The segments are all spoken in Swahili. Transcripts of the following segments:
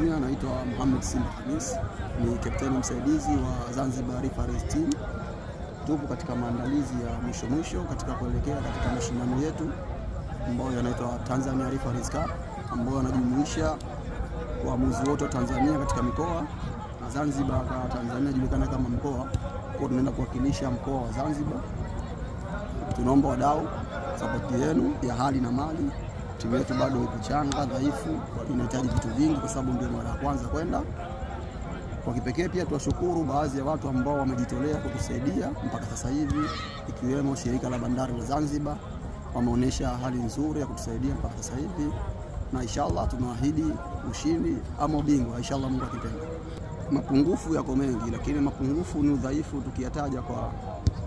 dunia. Anaitwa Mohamed Simba Khamis, ni kapteni msaidizi wa Zanzibar Rifles Team. Tupo katika maandalizi ya mwisho mwisho katika kuelekea katika mashindano yetu ambayo yanaitwa Tanzania Rifles Cup ambayo yanajumuisha waamuzi wote wa Tanzania katika mikoa na Zanzibar kwa Tanzania julikana kama mkoa, kwa tunaenda kuwakilisha mkoa wa Zanzibar. Tunaomba wadau sapoti yenu ya hali na mali timu yetu bado iko changa, dhaifu, inahitaji vitu vingi, kwa sababu ndio mara ya kwanza kwenda. Kwa kipekee pia tuwashukuru baadhi ya watu ambao wamejitolea kutusaidia mpaka sasa hivi, ikiwemo shirika la bandari la Zanzibar, wameonyesha hali nzuri ya kutusaidia mpaka sasa hivi, na inshallah tunaahidi ushindi ama ubingwa inshallah, Mungu akipenda. Mapungufu yako mengi, lakini mapungufu ni udhaifu, tukiyataja kwa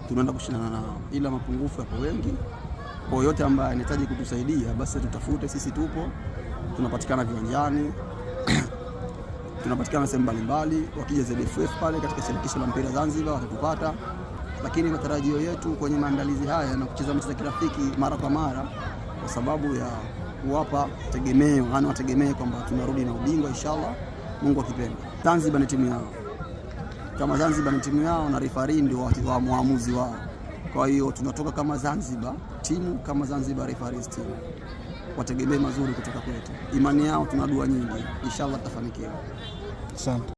tunaenda kushindana nao, ila mapungufu yako wengi. Kwa yote ambaye anahitaji kutusaidia basi tutafute, sisi tupo, tunapatikana viwanjani tunapatikana sehemu mbalimbali. Wakija ZFF pale katika shirikisho la mpira Zanzibar watatupata, lakini matarajio yetu kwenye maandalizi haya na kucheza mchezo za kirafiki mara kwa mara, kwa sababu ya kuwapa tegemeo, ana wategemee kwamba tunarudi na ubingwa inshallah, Mungu akipenda. Zanzibar ni timu yao, kama Zanzibar ni timu yao na rifari ndio muamuzi wao. Kwa hiyo tunatoka kama Zanzibar timu kama Zanzibar Refarees team, wategemee mazuri kutoka kwetu. Imani yao tuna dua nyingi, inshallah tutafanikiwa. Asante.